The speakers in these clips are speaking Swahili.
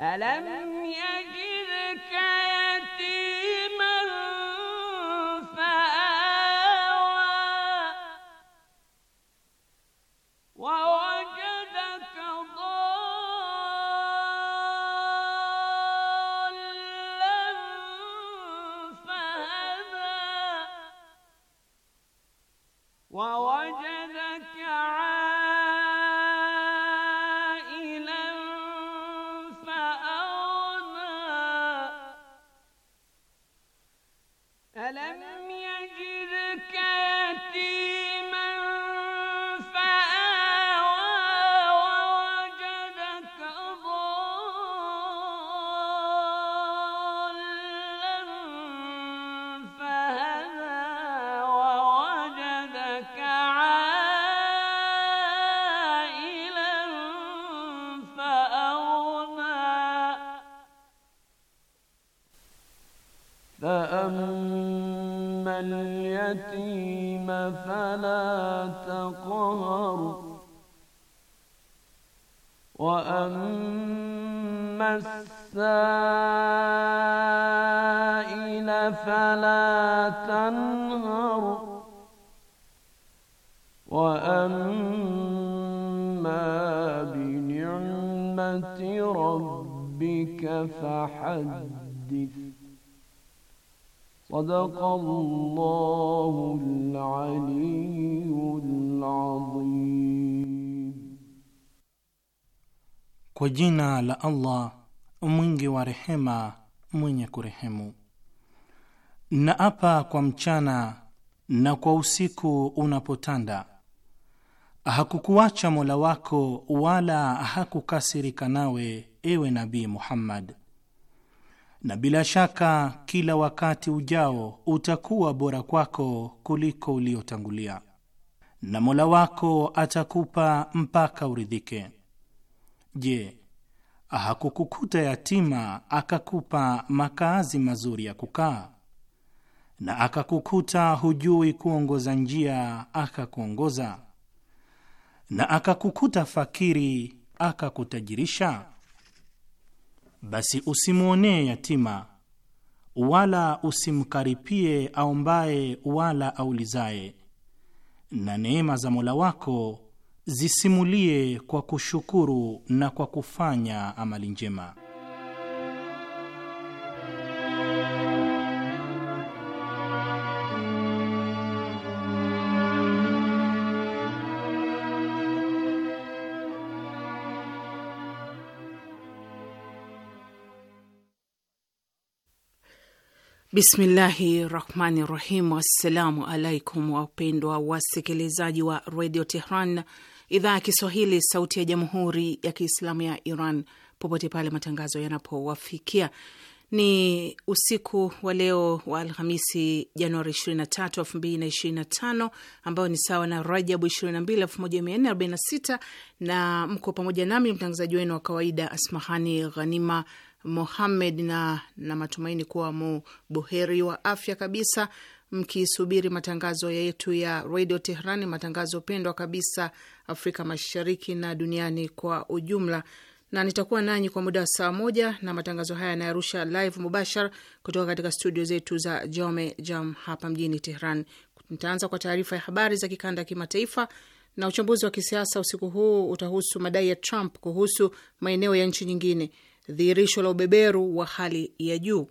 ألم يجدك يتيما فآوى ووجدك ضالا فهدى ووجدك وسلم jina la Allah mwingi wa rehema, mwenye kurehemu. Na apa kwa mchana na kwa usiku unapotanda, hakukuacha Mola wako wala hakukasirika nawe, ewe Nabii Muhammad. Na bila shaka kila wakati ujao utakuwa bora kwako kuliko uliotangulia, na Mola wako atakupa mpaka uridhike. Je, hakukukuta yatima akakupa makazi mazuri ya kukaa, na akakukuta hujui kuongoza njia akakuongoza, na akakukuta fakiri akakutajirisha. Basi usimwonee yatima wala usimkaripie aombaye wala aulizaye, na neema za Mola wako zisimulie kwa kushukuru na kwa kufanya amali njema. Bismillahi rahmani rahim. Wassalamu alaikum wapendwa wasikilizaji wa redio Tehran idhaa ya Kiswahili, sauti ya jamhuri ya kiislamu ya Iran, popote pale matangazo yanapowafikia. Ni usiku wa leo wa Alhamisi, Januari 23, 2025 ambayo ni sawa na Rajabu 22, 1446 na mko pamoja nami mtangazaji wenu wa kawaida Asmahani Ghanima Mohammed na, na matumaini kuwa mu buheri wa afya kabisa mkisubiri matangazo yetu ya redio Teherani, matangazo pendwa kabisa Afrika Mashariki na duniani kwa ujumla na nitakuwa nanyi kwa muda wa saa moja, na matangazo haya yanayarusha live mubashar kutoka katika studio zetu za Jome Jam hapa mjini Tehran. Nitaanza kwa taarifa ya habari za kikanda, kimataifa na uchambuzi wa kisiasa. Usiku huu utahusu madai ya Trump kuhusu maeneo ya nchi nyingine, dhihirisho la ubeberu wa hali ya juu,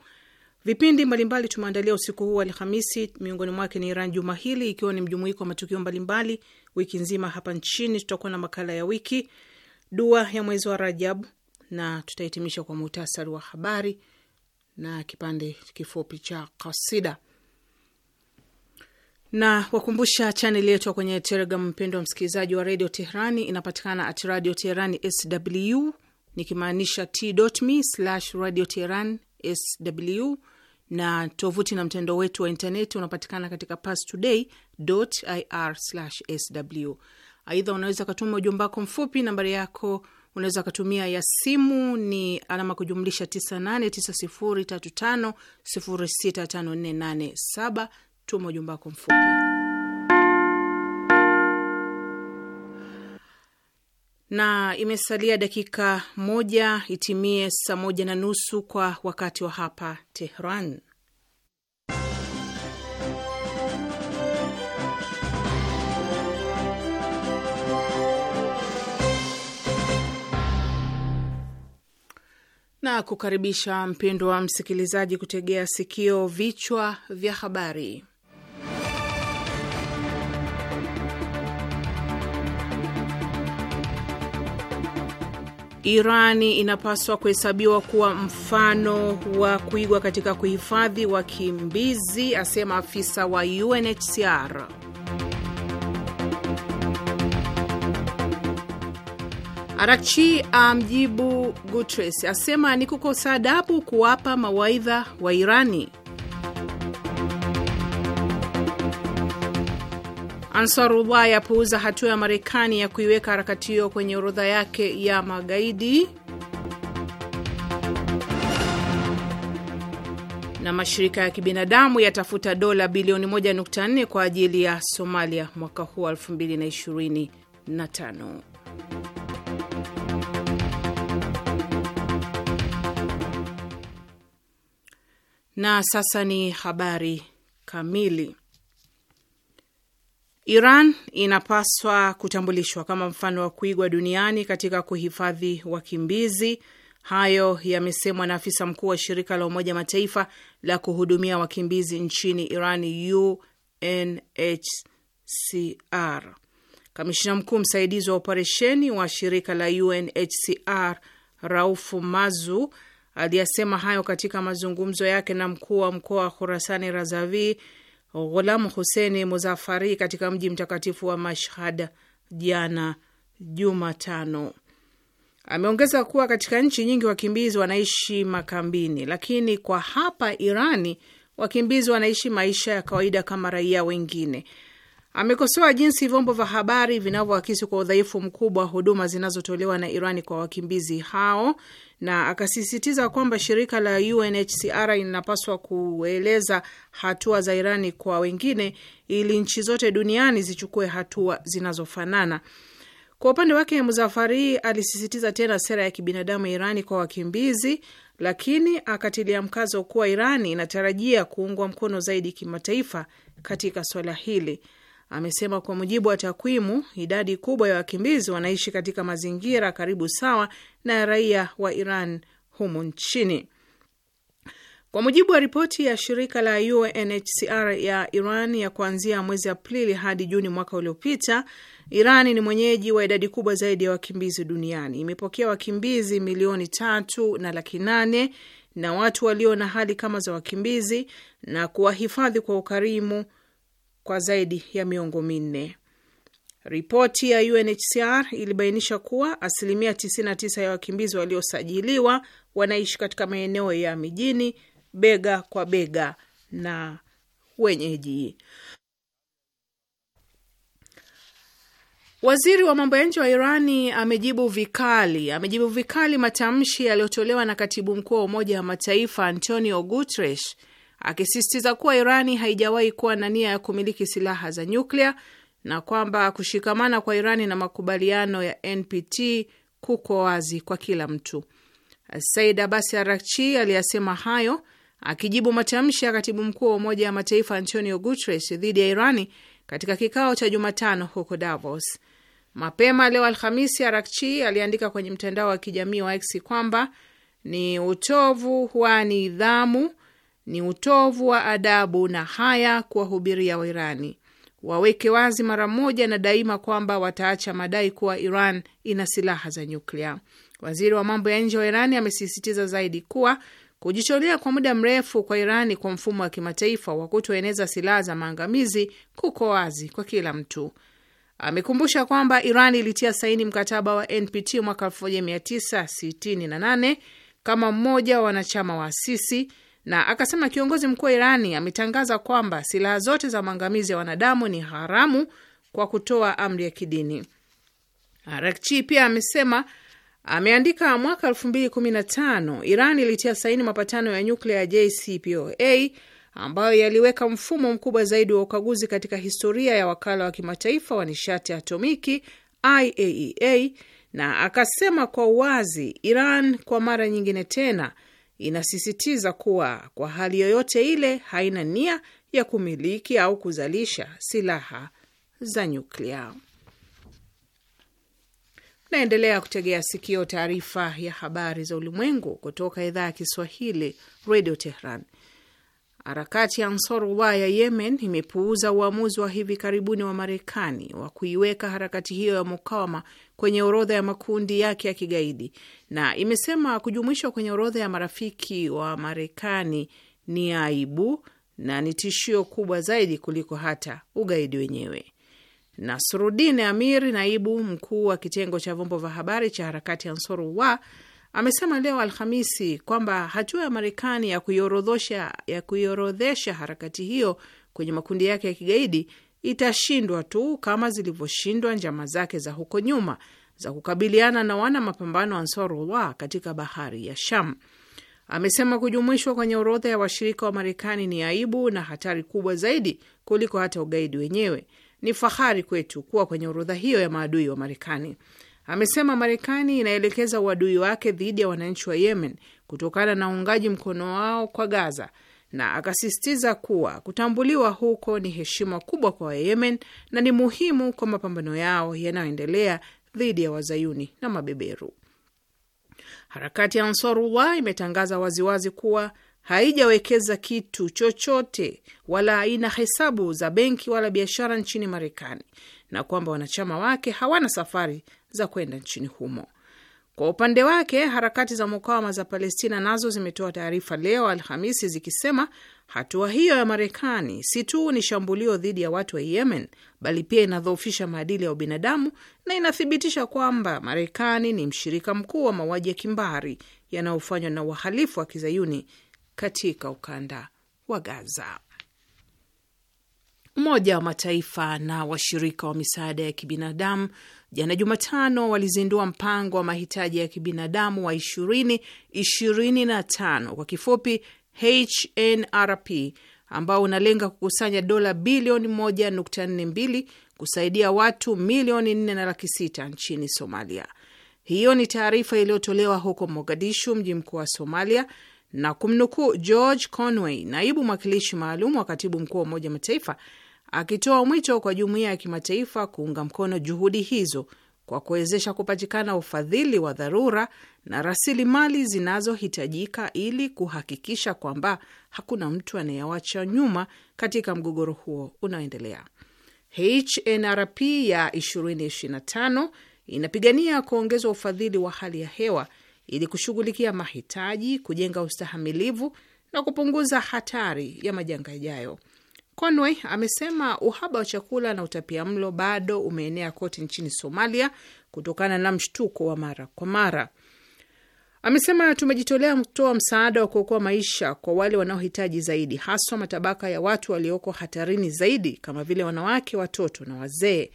Vipindi mbalimbali tumeandalia usiku huu Alhamisi, miongoni mwake ni Iran juma hili, ikiwa ni mjumuiko wa matukio mbalimbali wiki nzima hapa nchini. Tutakuwa na makala ya wiki, dua ya mwezi wa Rajabu, na tutahitimisha kwa muhtasari wa habari na kipande kifupi cha kasida na wakumbusha chaneli yetu kwenye Telegram. Mpendo wa msikilizaji wa redio Teherani, inapatikana at radio teherani sw, nikimaanisha t.me slash radio teheran sw na tovuti na mtandao wetu wa intaneti unapatikana katika pastoday.ir/sw. Aidha, unaweza ukatuma ujumbe wako mfupi, nambari yako unaweza ukatumia ya simu ni alama kujumlisha 989035065487. Tuma ujumbe wako mfupi. na imesalia dakika moja itimie saa moja na nusu kwa wakati wa hapa Tehran. na kukaribisha wa msikilizaji kutegea sikio vichwa vya habari. Irani inapaswa kuhesabiwa kuwa mfano wa kuigwa katika kuhifadhi wakimbizi, asema afisa wa UNHCR. Arakchi amjibu Gutres, asema ni kukosa adabu kuwapa mawaidha wa Irani. Ansarullah yapuuza hatua ya Marekani ya kuiweka harakati hiyo kwenye orodha yake ya magaidi. Na mashirika ya kibinadamu yatafuta dola bilioni 1.4 kwa ajili ya Somalia mwaka huu 2025. Na sasa ni habari kamili. Iran inapaswa kutambulishwa kama mfano wa kuigwa duniani katika kuhifadhi wakimbizi. Hayo yamesemwa na afisa mkuu wa shirika la Umoja Mataifa la kuhudumia wakimbizi nchini Iran, UNHCR. Kamishina mkuu msaidizi wa operesheni wa shirika la UNHCR Raufu Mazu aliyasema hayo katika mazungumzo yake na mkuu wa mkoa wa Khurasani Razavi Ghulam Huseni Muzafari katika mji mtakatifu wa Mashhad jana Jumatano. Ameongeza kuwa katika nchi nyingi wakimbizi wanaishi makambini, lakini kwa hapa Irani wakimbizi wanaishi maisha ya kawaida kama raia wengine. Amekosoa jinsi vyombo vya habari vinavyoakisi kwa udhaifu mkubwa huduma zinazotolewa na Irani kwa wakimbizi hao na akasisitiza kwamba shirika la UNHCR linapaswa kueleza hatua za Irani kwa wengine ili nchi zote duniani zichukue hatua zinazofanana. Kwa upande wake, Muzafari alisisitiza tena sera ya kibinadamu ya Irani kwa wakimbizi, lakini akatilia mkazo kuwa Irani inatarajia kuungwa mkono zaidi kimataifa katika swala hili amesema kwa mujibu wa takwimu, idadi kubwa ya wakimbizi wanaishi katika mazingira karibu sawa na raia wa Iran humu nchini. Kwa mujibu wa ripoti ya shirika la UNHCR ya Iran ya kuanzia mwezi Aprili hadi Juni mwaka uliopita, Iran ni mwenyeji wa idadi kubwa zaidi ya wakimbizi duniani. Imepokea wakimbizi milioni tatu na laki nane na watu walio na hali kama za wakimbizi na kuwahifadhi kwa ukarimu kwa zaidi ya miongo minne. Ripoti ya UNHCR ilibainisha kuwa asilimia 99 ya wakimbizi waliosajiliwa wanaishi katika maeneo ya mijini bega kwa bega na wenyeji. Waziri wa mambo ya nje wa Irani amejibu vikali amejibu vikali matamshi yaliyotolewa na katibu mkuu wa Umoja wa Mataifa Antonio Guterres akisisitiza kuwa Irani haijawahi kuwa na nia ya kumiliki silaha za nyuklia na kwamba kushikamana kwa Irani na makubaliano ya NPT kuko wazi kwa kila mtu. Said abasi Arakchi aliyasema hayo akijibu matamshi ya katibu mkuu wa Umoja wa Mataifa Antonio Guterres dhidi ya Irani katika kikao cha Jumatano huko Davos. Mapema leo Alhamisi, Arakchi aliandika kwenye mtandao wa kijamii wa X kwamba ni utovu wa nidhamu ni utovu wa adabu na haya kuwahubiria Wairani. Waweke wazi mara moja na daima kwamba wataacha madai kuwa Iran ina silaha za nyuklia. Waziri wa mambo ya nje wa Irani amesisitiza zaidi kuwa kujitolea kwa muda mrefu kwa Irani kwa mfumo wa kimataifa wa kutoeneza silaha za maangamizi kuko wazi kwa kila mtu. Amekumbusha kwamba Iran ilitia saini mkataba wa NPT mwaka 1968 kama mmoja wa wanachama wa waasisi na akasema kiongozi mkuu wa Irani ametangaza kwamba silaha zote za maangamizi ya wanadamu ni haramu kwa kutoa amri ya kidini. Arakchi pia amesema ameandika, mwaka 2015 Iran ilitia saini mapatano ya nyuklia ya JCPOA ambayo yaliweka mfumo mkubwa zaidi wa ukaguzi katika historia ya wakala wa kimataifa wa nishati atomiki IAEA, e na akasema kwa uwazi, Iran kwa mara nyingine tena inasisitiza kuwa kwa hali yoyote ile haina nia ya kumiliki au kuzalisha silaha za nyuklia. Naendelea kutegea sikio taarifa ya habari za ulimwengu kutoka idhaa ya Kiswahili, Radio Tehran. Harakati ya Ansarullah ya Yemen imepuuza uamuzi wa hivi karibuni wa Marekani wa kuiweka harakati hiyo ya mukawama kwenye orodha ya makundi yake ya kigaidi na imesema kujumuishwa kwenye orodha ya marafiki wa Marekani ni aibu na ni tishio kubwa zaidi kuliko hata ugaidi wenyewe. Nasrudin Amir, naibu mkuu wa kitengo cha vyombo vya habari cha harakati ya Ansarullah, amesema leo Alhamisi kwamba hatua ya Marekani ya kuiorodhesha ya kuiorodhesha harakati hiyo kwenye makundi yake ya kigaidi itashindwa tu kama zilivyoshindwa njama zake za huko nyuma za kukabiliana na wana mapambano Ansarullah katika bahari ya Sham. Amesema kujumuishwa kwenye orodha ya washirika wa Marekani ni aibu na hatari kubwa zaidi kuliko hata ugaidi wenyewe. Ni fahari kwetu kuwa kwenye orodha hiyo ya maadui wa Marekani amesema Marekani inaelekeza uadui wake dhidi ya wananchi wa Yemen kutokana na uungaji mkono wao kwa Gaza na akasisitiza kuwa kutambuliwa huko ni heshima kubwa kwa Wayemen na ni muhimu kwa mapambano yao yanayoendelea dhidi ya wazayuni na mabeberu. Harakati ya Ansarullah imetangaza waziwazi kuwa haijawekeza kitu chochote wala haina hesabu za benki wala biashara nchini Marekani na kwamba wanachama wake hawana safari za kwenda nchini humo. Kwa upande wake, harakati za mukawama za Palestina nazo zimetoa taarifa leo Alhamisi zikisema hatua hiyo ya Marekani si tu ni shambulio dhidi ya watu wa Yemen, bali pia inadhoofisha maadili ya ubinadamu na inathibitisha kwamba Marekani ni mshirika mkuu wa mauaji ya kimbari yanayofanywa na wahalifu wa kizayuni katika ukanda wa Gaza. Umoja wa Mataifa na washirika wa misaada ya kibinadamu jana Jumatano walizindua mpango wa mahitaji ya kibinadamu wa ishirini ishirini na tano kwa kifupi HNRP ambao unalenga kukusanya dola bilioni moja nukta nne mbili kusaidia watu milioni nne na laki sita nchini Somalia. Hiyo ni taarifa iliyotolewa huko Mogadishu, mji mkuu wa Somalia, na kumnukuu George Conway, naibu mwakilishi maalum wa katibu mkuu wa Umoja Mataifa akitoa mwito kwa jumuiya ya kimataifa kuunga mkono juhudi hizo kwa kuwezesha kupatikana ufadhili wa dharura na rasilimali zinazohitajika ili kuhakikisha kwamba hakuna mtu anayewacha nyuma katika mgogoro huo unaoendelea. HNRP ya 2025 inapigania kuongezwa ufadhili wa hali ya hewa ili kushughulikia mahitaji, kujenga ustahamilivu na kupunguza hatari ya majanga yajayo. Conway amesema uhaba wa chakula na utapia mlo bado umeenea kote nchini Somalia kutokana na mshtuko wa mara kwa mara. Amesema tumejitolea kutoa msaada wa kuokoa maisha kwa wale wanaohitaji zaidi, haswa matabaka ya watu walioko hatarini zaidi kama vile wanawake, watoto na wazee.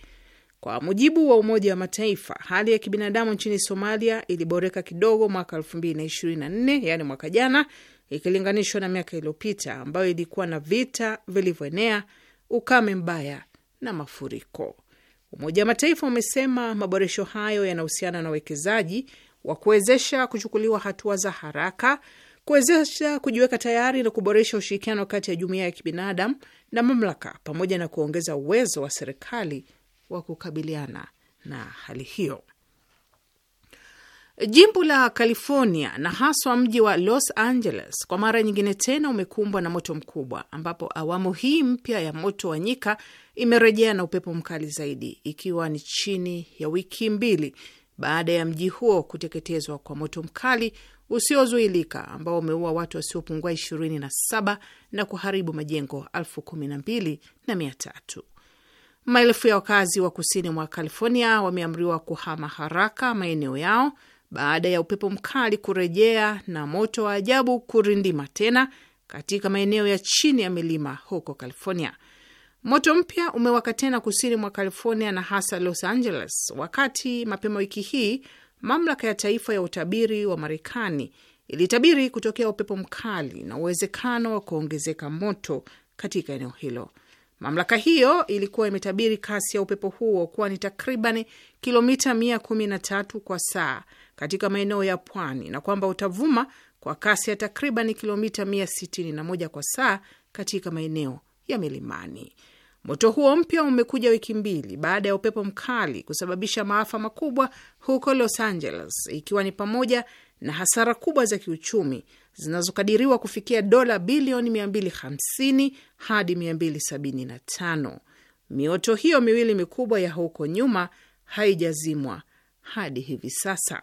Kwa mujibu wa Umoja wa Mataifa, hali ya kibinadamu nchini Somalia iliboreka kidogo mwaka 2024 yani mwaka jana, ikilinganishwa na miaka iliyopita ambayo ilikuwa na vita vilivyoenea, ukame mbaya na mafuriko. Umoja wa Mataifa umesema maboresho hayo yanahusiana na uwekezaji wa kuwezesha kuchukuliwa hatua za haraka, kuwezesha kujiweka tayari na kuboresha ushirikiano kati ya jumuiya ya kibinadamu na mamlaka, pamoja na kuongeza uwezo wa serikali wa kukabiliana na hali hiyo. Jimbo la California na haswa mji wa Los Angeles kwa mara nyingine tena umekumbwa na moto mkubwa, ambapo awamu hii mpya ya moto wa nyika imerejea na upepo mkali zaidi, ikiwa ni chini ya wiki mbili baada ya mji huo kuteketezwa kwa moto mkali usiozuilika ambao umeua watu wasiopungua 27 na kuharibu majengo elfu kumi na mbili na mia tatu. Maelfu ya wakazi wa kusini mwa California wameamriwa kuhama haraka maeneo yao baada ya upepo mkali kurejea na moto wa ajabu kurindima tena katika maeneo ya chini ya milima huko California. Moto mpya umewaka tena kusini mwa California na hasa Los Angeles, wakati mapema wiki hii mamlaka ya taifa ya utabiri wa Marekani ilitabiri kutokea upepo mkali na uwezekano wa kuongezeka moto katika eneo hilo. Mamlaka hiyo ilikuwa imetabiri kasi ya upepo huo kuwa ni takriban kilomita 113 kwa saa katika maeneo ya pwani na kwamba utavuma kwa kasi ya takriban kilomita 161 kwa saa katika maeneo ya milimani. Moto huo mpya umekuja wiki mbili baada ya upepo mkali kusababisha maafa makubwa huko Los Angeles, ikiwa ni pamoja na hasara kubwa za kiuchumi zinazokadiriwa kufikia dola bilioni 250 hadi 275. Mioto hiyo miwili mikubwa ya huko nyuma haijazimwa hadi hivi sasa.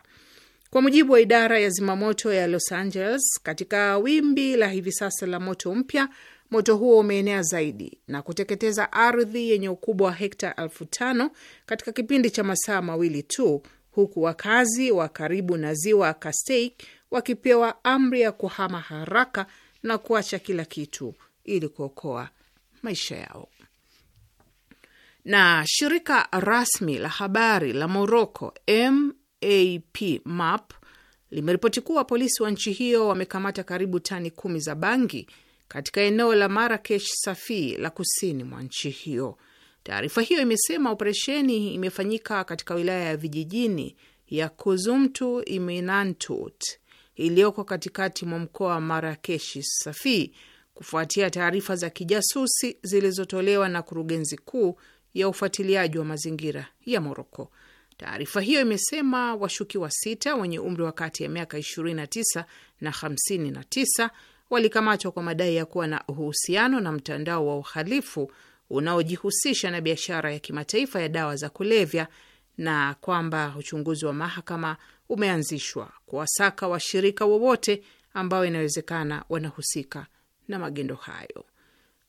Kwa mujibu wa idara ya zimamoto ya Los Angeles, katika wimbi la hivi sasa la moto mpya, moto huo umeenea zaidi na kuteketeza ardhi yenye ukubwa wa hekta elfu tano katika kipindi cha masaa mawili tu, huku wakazi wa karibu na ziwa Castaic wakipewa amri ya kuhama haraka na kuacha kila kitu ili kuokoa maisha yao. Na shirika rasmi la habari la Moroko M map limeripoti kuwa polisi wa nchi hiyo wamekamata karibu tani kumi za bangi katika eneo la Marakesh Safi la kusini mwa nchi hiyo. Taarifa hiyo imesema operesheni imefanyika katika wilaya ya vijijini ya Kuzumtu Iminantut iliyoko katikati mwa mkoa wa Marakeshi Safi kufuatia taarifa za kijasusi zilizotolewa na kurugenzi kuu ya ufuatiliaji wa mazingira ya Moroko. Taarifa hiyo imesema washukiwa sita wenye umri wa kati ya miaka 29 na 59 walikamatwa kwa madai ya kuwa na uhusiano na mtandao wa uhalifu unaojihusisha na biashara ya kimataifa ya dawa za kulevya na kwamba uchunguzi wa mahakama umeanzishwa kuwasaka washirika wowote ambao inawezekana wanahusika na magendo hayo.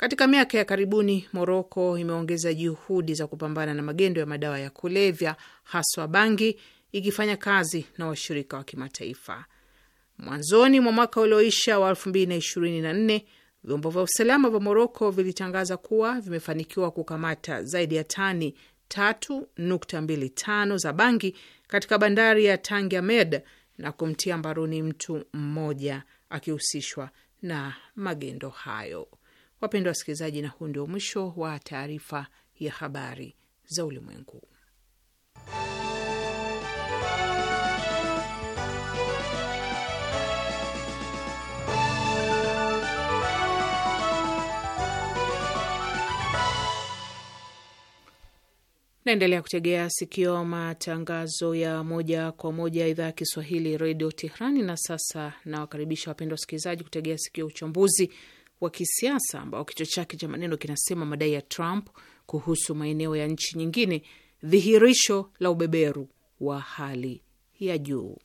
Katika miaka ya karibuni Moroko imeongeza juhudi za kupambana na magendo ya madawa ya kulevya haswa bangi, ikifanya kazi na washirika wa kimataifa. Mwanzoni mwa mwaka ulioisha wa 2024 vyombo vya usalama vya Moroko vilitangaza kuwa vimefanikiwa kukamata zaidi ya tani 3.25 za bangi katika bandari ya med na kumtia mbaroni mtu mmoja akihusishwa na magendo hayo. Wapendwa wasikilizaji, na huu ndio mwisho wa taarifa ya habari za ulimwengu. Naendelea kutegea sikio matangazo ya moja kwa moja idhaa ya Kiswahili redio Tehrani. Na sasa nawakaribisha wapendwa wasikilizaji kutegea sikio uchambuzi wa kisiasa ambao kichwa chake cha maneno kinasema madai ya Trump kuhusu maeneo ya nchi nyingine, dhihirisho la ubeberu wa hali ya juu.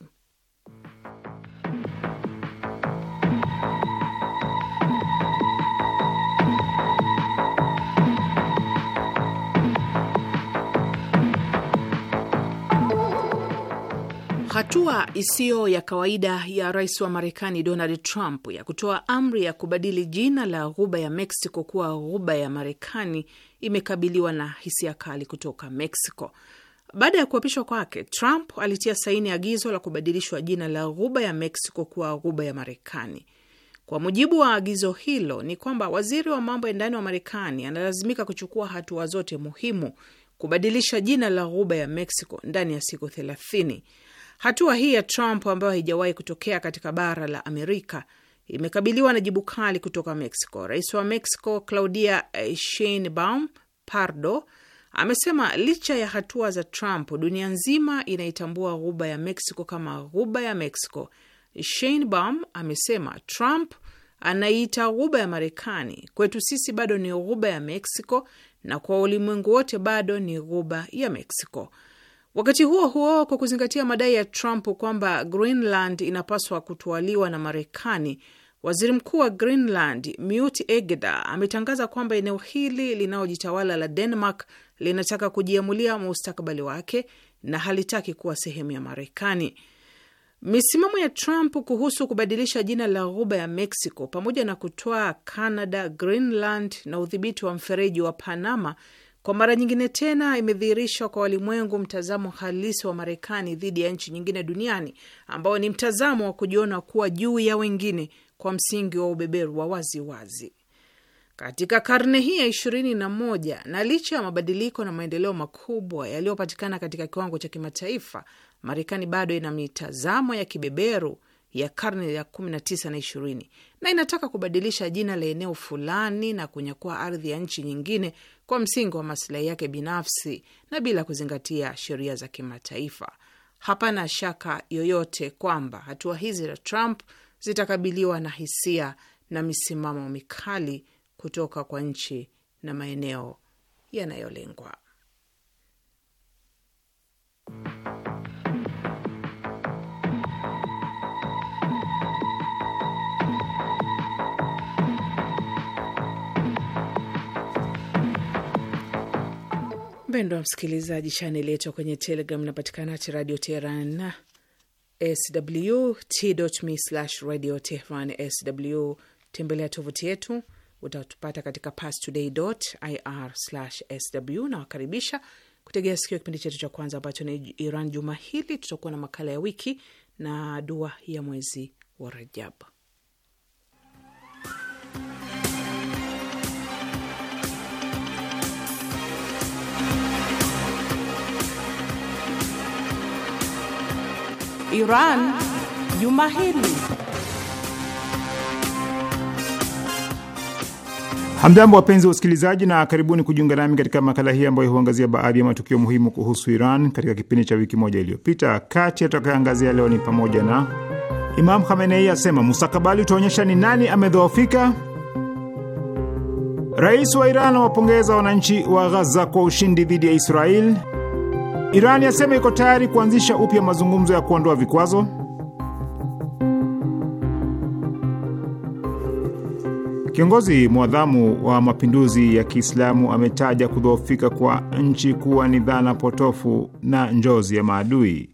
Hatua isiyo ya kawaida ya rais wa Marekani Donald Trump ya kutoa amri ya kubadili jina la ghuba ya Mexico kuwa ghuba ya Marekani imekabiliwa na hisia kali kutoka Mexico. Baada ya kuapishwa kwake, Trump alitia saini agizo la kubadilishwa jina la ghuba ya Mexico kuwa ghuba ya Marekani. Kwa mujibu wa agizo hilo, ni kwamba waziri wa mambo ya ndani wa Marekani analazimika kuchukua hatua zote muhimu kubadilisha jina la ghuba ya Mexico ndani ya siku thelathini Hatua hii ya Trump ambayo haijawahi kutokea katika bara la Amerika imekabiliwa na jibu kali kutoka Mexico. Rais wa Mexico Claudia Sheinbaum Pardo amesema licha ya hatua za Trump, dunia nzima inaitambua ghuba ya Mexico kama ghuba ya Mexico. Sheinbaum amesema Trump anaiita ghuba ya Marekani, kwetu sisi bado ni ghuba ya Mexico, na kwa ulimwengu wote bado ni ghuba ya Mexico. Wakati huo huo, kwa kuzingatia madai ya Trump kwamba Greenland inapaswa kutwaliwa na Marekani, waziri mkuu wa Greenland mut Egeda ametangaza kwamba eneo hili linalojitawala la Denmark linataka kujiamulia mustakabali wake na halitaki kuwa sehemu ya Marekani. Misimamo ya Trump kuhusu kubadilisha jina la ghuba ya Mexico pamoja na kutoa Canada, Greenland na udhibiti wa mfereji wa Panama kwa mara nyingine tena imedhihirishwa kwa walimwengu mtazamo halisi wa Marekani dhidi ya nchi nyingine duniani ambao ni mtazamo wa kujiona kuwa juu ya wengine kwa msingi wa ubeberu wa waziwazi katika karne hii ya ishirini na moja. Na licha ya mabadiliko na maendeleo makubwa yaliyopatikana katika kiwango cha kimataifa, Marekani bado ina mitazamo ya kibeberu ya karne ya 19 na ishirini na inataka kubadilisha jina la eneo fulani na kunyakua ardhi ya nchi nyingine kwa msingi wa masilahi yake binafsi na bila kuzingatia sheria za kimataifa. Hapana shaka yoyote kwamba hatua hizi za Trump zitakabiliwa na hisia na misimamo mikali kutoka kwa nchi na maeneo yanayolengwa. Mpendo wa msikilizaji, chaneli yetu kwenye Telegram inapatikana ati Radio Teheran na sw slash radio tehran sw. Tembelea tovuti yetu, utatupata katika pastoday.ir slash sw. Nawakaribisha kutegea sikio kipindi chetu cha kwanza ambacho ni Iran juma hili. Tutakuwa na makala ya wiki na dua ya mwezi wa Rajab. Iran juma hili. Hamjambo, wapenzi wa usikilizaji, na karibuni kujiunga nami katika makala hii ambayo huangazia baadhi ya matukio muhimu kuhusu Iran katika kipindi cha wiki moja iliyopita. Kati atakayoangazia leo ni pamoja na Imam Khamenei asema mustakabali utaonyesha ni nani amedhoofika. Rais wa Iran awapongeza wananchi wa Ghaza kwa ushindi dhidi ya Israel. Iran yasema iko tayari kuanzisha upya mazungumzo ya kuondoa vikwazo. Kiongozi mwadhamu wa mapinduzi ya Kiislamu ametaja kudhoofika kwa nchi kuwa ni dhana potofu na njozi ya maadui.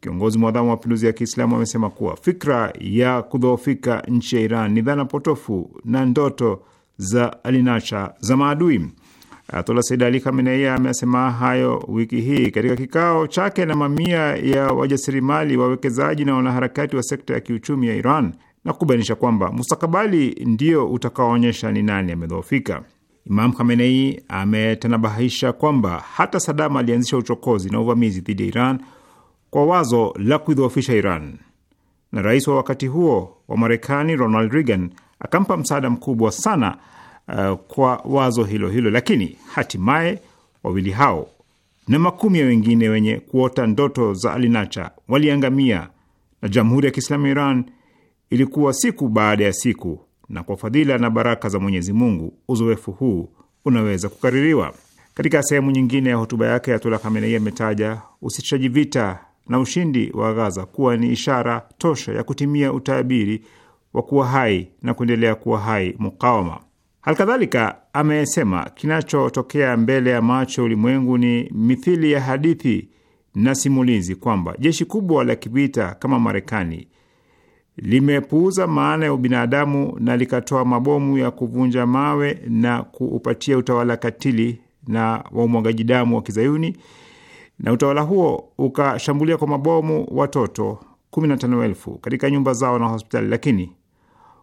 Kiongozi mwadhamu wa mapinduzi ya Kiislamu amesema kuwa fikra ya kudhoofika nchi ya Iran ni dhana potofu na ndoto za alinacha za maadui. Atola Said Ali Khamenei amesema hayo wiki hii katika kikao chake na mamia ya wajasiriamali, wawekezaji na wanaharakati wa sekta ya kiuchumi ya Iran na kubainisha kwamba mustakabali ndio utakaoonyesha ni nani amedhoofika. Imam Khamenei ametanabahisha kwamba hata Sadam alianzisha uchokozi na uvamizi dhidi ya Iran kwa wazo la kuidhoofisha Iran, na rais wa wakati huo wa Marekani Ronald Reagan akampa msaada mkubwa sana uh, kwa wazo hilo hilo, lakini hatimaye wawili hao na makumi ya wengine wenye kuota ndoto za alinacha waliangamia, na Jamhuri ya Kiislamu Iran ilikuwa siku baada ya siku, na kwa fadhila na baraka za Mwenyezi Mungu uzoefu huu unaweza kukaririwa. Katika sehemu nyingine ya hotuba yake, Ayatullah Khamenei ametaja usitishaji vita na ushindi wa Gaza kuwa ni ishara tosha ya kutimia utabiri wa kuwa hai na kuendelea kuwa hai mukawama. Halikadhalika amesema kinachotokea mbele ya macho ulimwengu ni mithili ya hadithi na simulizi, kwamba jeshi kubwa la kivita kama Marekani limepuuza maana ya ubinadamu na likatoa mabomu ya kuvunja mawe na kuupatia utawala katili na wa umwagaji damu wa kizayuni, na utawala huo ukashambulia kwa mabomu watoto 15,000 katika nyumba zao na hospitali, lakini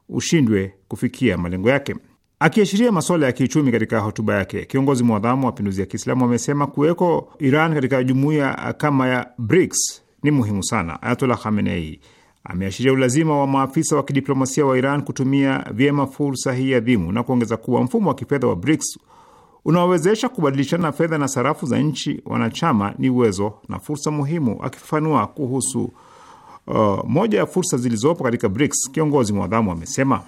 ushindwe kufikia malengo yake. Akiashiria masuala ya kiuchumi katika hotuba yake, kiongozi mwadhamu wa mapinduzi ya Kiislamu amesema kuweko Iran katika jumuiya kama ya BRICS ni muhimu sana. Ayatollah Khamenei ameashiria ulazima wa maafisa wa kidiplomasia wa Iran kutumia vyema fursa hii adhimu na kuongeza kuwa mfumo wa kifedha wa BRICS unaowezesha kubadilishana fedha na sarafu za nchi wanachama ni uwezo na fursa muhimu. Akifafanua kuhusu uh, moja ya fursa zilizopo katika BRICS. Kiongozi mwadhamu amesema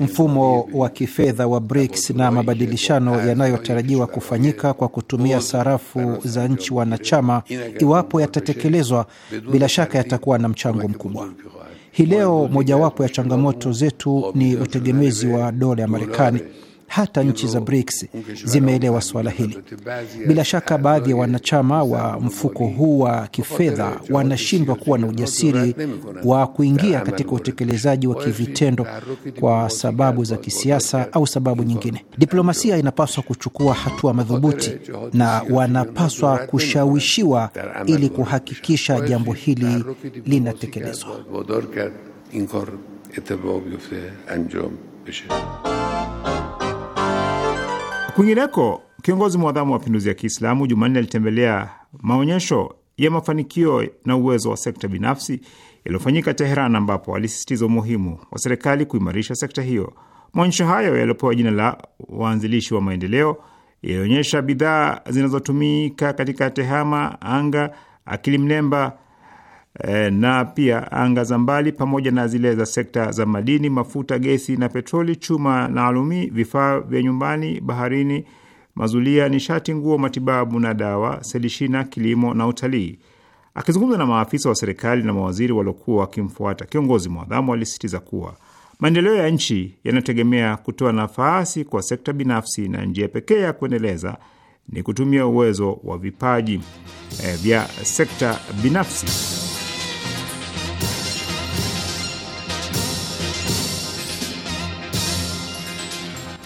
mfumo wa kifedha wa BRICS na mabadilishano yanayotarajiwa kufanyika kwa kutumia sarafu za nchi wanachama, iwapo yatatekelezwa, bila shaka yatakuwa na mchango mkubwa. Hii leo mojawapo ya changamoto zetu ni utegemezi wa dola ya Marekani hata nchi za BRICS zimeelewa suala hili. Bila shaka, baadhi ya wanachama wa mfuko huu wa kifedha wanashindwa kuwa na ujasiri wa kuingia katika utekelezaji wa kivitendo kwa sababu za kisiasa au sababu nyingine. Diplomasia inapaswa kuchukua hatua madhubuti na wanapaswa kushawishiwa ili kuhakikisha jambo hili linatekelezwa. Kwingineko, kiongozi mwadhamu wa mapinduzi ya Kiislamu Jumanne alitembelea maonyesho ya mafanikio na uwezo wa sekta binafsi yaliyofanyika Teheran, ambapo alisisitiza umuhimu wa serikali kuimarisha sekta hiyo. Maonyesho hayo yaliyopewa jina la waanzilishi wa maendeleo yalionyesha bidhaa zinazotumika katika tehama, anga, akili mnemba e, na pia anga za mbali pamoja na zile za sekta za madini, mafuta, gesi na petroli, chuma na alumi, vifaa vya nyumbani, baharini, mazulia, nishati, nguo, matibabu na dawa, selishina, kilimo na utalii. Akizungumza na maafisa wa serikali na mawaziri waliokuwa wakimfuata kiongozi mwadhamu, alisisitiza kuwa maendeleo ya nchi yanategemea kutoa nafasi kwa sekta binafsi na njia pekee ya kuendeleza ni kutumia uwezo wa vipaji eh, vya sekta binafsi.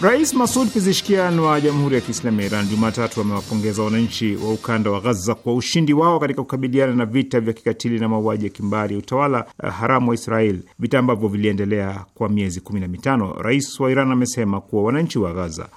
Rais Masud pizishkian wa Jamhuri ya Kiislamu ya Iran Jumatatu amewapongeza wa wananchi wa ukanda wa Ghaza kwa ushindi wao katika kukabiliana na vita vya kikatili na mauaji ya kimbari ya utawala eh, haramu wa Israel, vita ambavyo viliendelea kwa miezi kumi na mitano. Rais wa Iran amesema kuwa wananchi wa Ghaza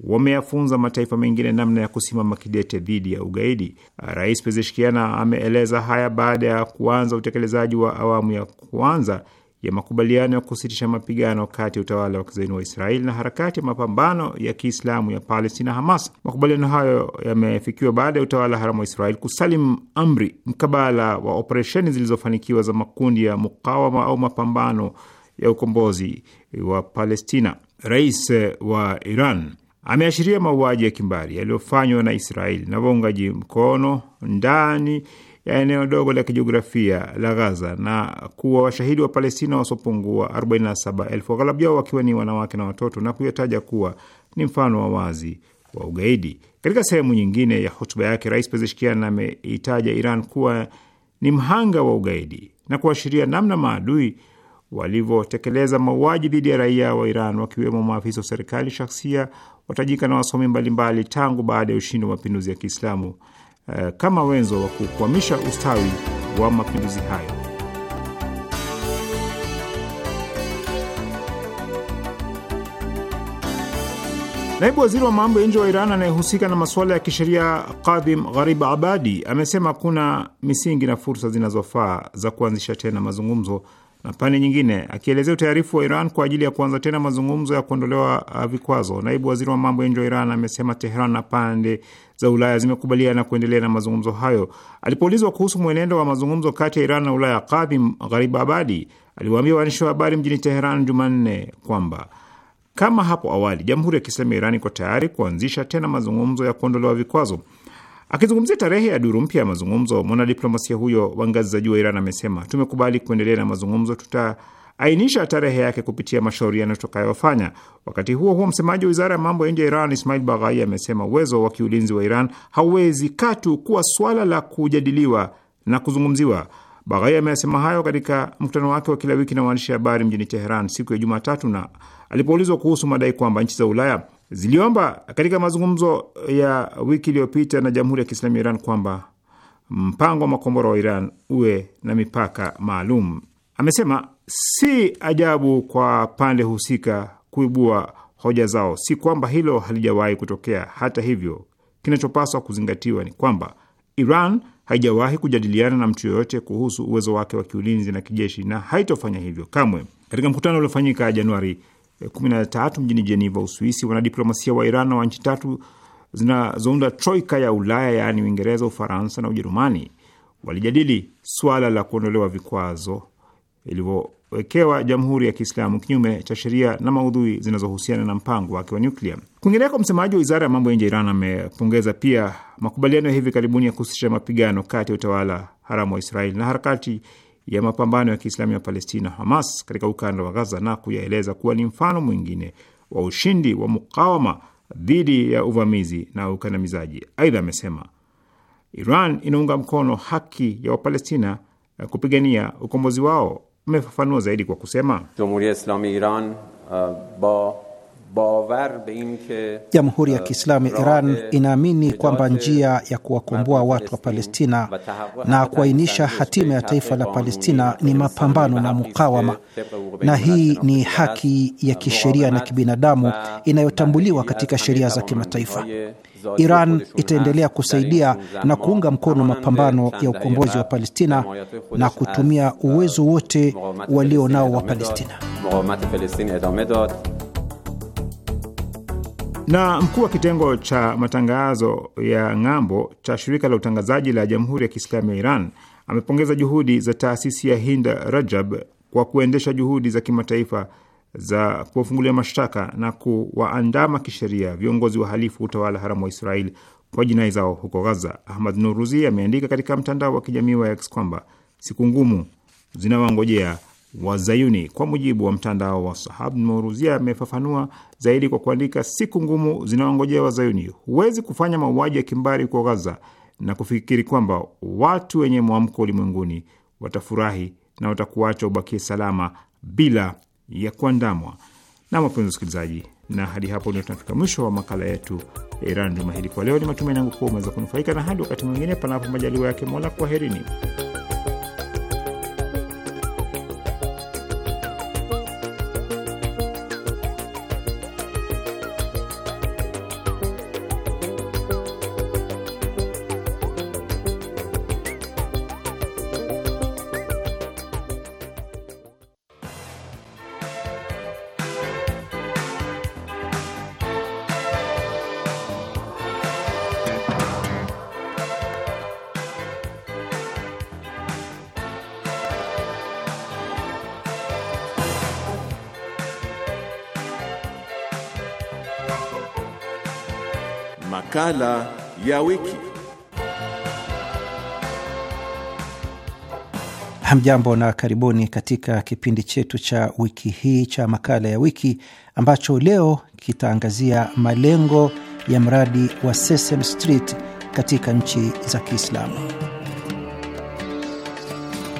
wameyafunza mataifa mengine namna ya kusimama kidete dhidi ya ugaidi. Rais Pezeshkiana ameeleza haya baada ya kuanza utekelezaji wa awamu ya kwanza ya makubaliano ya kusitisha mapigano kati ya utawala wa kizaini wa Israeli na harakati ya mapambano ya Kiislamu ya Palestina, Hamas. Makubaliano hayo yamefikiwa baada ya utawala haramu wa Israeli kusalim amri mkabala wa operesheni zilizofanikiwa za makundi ya mukawama au mapambano ya ukombozi wa Palestina. Rais wa Iran ameashiria mauaji ya kimbari yaliyofanywa na Israeli na waungaji mkono ndani ya eneo dogo la kijiografia la Gaza na kuwa washahidi wa Palestina wasiopungua 47,000 waghalabu yao wakiwa ni wanawake na watoto na kuyataja kuwa ni mfano wa wazi wa ugaidi. Katika sehemu nyingine ya hotuba yake, Rais Pezeshkian ameitaja Iran kuwa ni mhanga wa ugaidi na kuashiria namna maadui walivyotekeleza mauaji dhidi ya raia wa Iran wakiwemo maafisa wa serikali, shaksia watajika na wasomi mbalimbali tangu baada ya ushindi wa mapinduzi ya Kiislamu Eh, kama wenzo wa kukwamisha ustawi wa mapinduzi hayo. Naibu waziri wa mambo ya nje wa Iran anayehusika na masuala ya kisheria Kadhim Gharib Abadi amesema kuna misingi na fursa zinazofaa za kuanzisha tena mazungumzo pande nyingine. Akielezea utayarifu wa Iran kwa ajili ya kuanza tena mazungumzo ya kuondolewa uh, vikwazo, naibu waziri wa mambo ya nje wa Iran amesema Teheran na pande za Ulaya zimekubaliana kuendelea na mazungumzo hayo. Alipoulizwa kuhusu mwenendo wa mazungumzo kati ya Iran na Ulaya, Kadhim abadi aliwaambia waandishi wa habari mjini Teheran Jumanne kwamba kama hapo awali, Jamhuri ya Kiislamu ya Iran iko tayari kuanzisha tena mazungumzo ya kuondolewa vikwazo. Akizungumzia tarehe ya duru mpya ya mazungumzo, mwanadiplomasia huyo wa ngazi za juu wa Iran amesema, tumekubali kuendelea na mazungumzo, tutaainisha tarehe yake kupitia mashauriano tutakayofanya. Wakati huo huo, msemaji wa wizara ya mambo ya nje ya Iran Ismail Baghai amesema uwezo wa kiulinzi wa Iran hauwezi katu kuwa swala la kujadiliwa na kuzungumziwa. Baghai ameyasema hayo katika mkutano wake wa kila wiki na waandishi habari mjini Teheran siku ya Jumatatu, na alipoulizwa kuhusu madai kwamba nchi za Ulaya ziliomba katika mazungumzo ya wiki iliyopita na Jamhuri ya Kiislamu ya Iran kwamba mpango wa makombora wa Iran uwe na mipaka maalum. Amesema si ajabu kwa pande husika kuibua hoja zao, si kwamba hilo halijawahi kutokea. Hata hivyo, kinachopaswa kuzingatiwa ni kwamba Iran haijawahi kujadiliana na mtu yoyote kuhusu uwezo wake wa kiulinzi na kijeshi na haitofanya hivyo kamwe. Katika mkutano uliofanyika Januari 13 eh, mjini jeniva Uswisi. Wanadiplomasia wa Iran na wa nchi tatu zinazounda troika ya Ulaya, yaani Uingereza, Ufaransa na Ujerumani walijadili suala la kuondolewa vikwazo ilivyowekewa Jamhuri ya Kiislamu kinyume cha sheria na maudhui zinazohusiana na mpango wake wa nyuklia. Kwingineko, msemaji wa wizara ya mambo ya nje ya Iran amepongeza pia makubaliano ya hivi karibuni ya kusitisha mapigano kati ya utawala haramu wa Israeli na harakati ya mapambano ya Kiislamu ya Palestina, Hamas, katika ukanda wa Gaza na kuyaeleza kuwa ni mfano mwingine wa ushindi wa mukawama dhidi ya uvamizi na ukandamizaji. Aidha amesema Iran inaunga mkono haki ya Wapalestina kupigania ukombozi wao. Amefafanua zaidi kwa kusema Jamhuri ya Islami Iran uh, ba Jamhuri ya, Kiislamu ya Iran inaamini kwamba njia ya kuwakomboa watu wa Palestina na kuainisha hatima ya taifa la Palestina ni mapambano na mukawama, na hii ni haki ya kisheria na kibinadamu inayotambuliwa katika sheria za kimataifa. Iran itaendelea kusaidia na kuunga mkono mapambano ya ukombozi wa Palestina na kutumia uwezo wote walio nao wa Palestina. Na mkuu wa kitengo cha matangazo ya ng'ambo cha shirika la utangazaji la Jamhuri ya Kiislamu ya Iran amepongeza juhudi za taasisi ya Hinda Rajab kwa kuendesha juhudi za kimataifa za kuwafungulia mashtaka na kuwaandama kisheria viongozi wahalifu utawala haramu wa Israeli kwa jinai zao huko Gaza. Ahmad Nuruzi ameandika katika mtandao wa kijamii wa X kwamba siku ngumu zinawangojea Wazayuni. Kwa mujibu wa mtandao wa Sahab, Moruzia amefafanua zaidi kwa kuandika, siku ngumu zinaongojea Wazayuni. Huwezi kufanya mauaji ya kimbari kwa Gaza na kufikiri kwamba watu wenye mwamko ulimwenguni watafurahi na watakuacha ubakie salama bila ya kuandamwa. Na wapenzi wasikilizaji, na hadi hapo ndio tunafika mwisho wa makala yetu ya Iran juma hili. Kwa leo, ni matumaini yangu kuwa umeweza kunufaika, na hadi wakati mwingine, panapo majaliwa yake Mola, kwaherini. ya wiki. Hamjambo na karibuni katika kipindi chetu cha wiki hii cha makala ya wiki ambacho leo kitaangazia malengo ya mradi wa Sesame Street katika nchi za Kiislamu.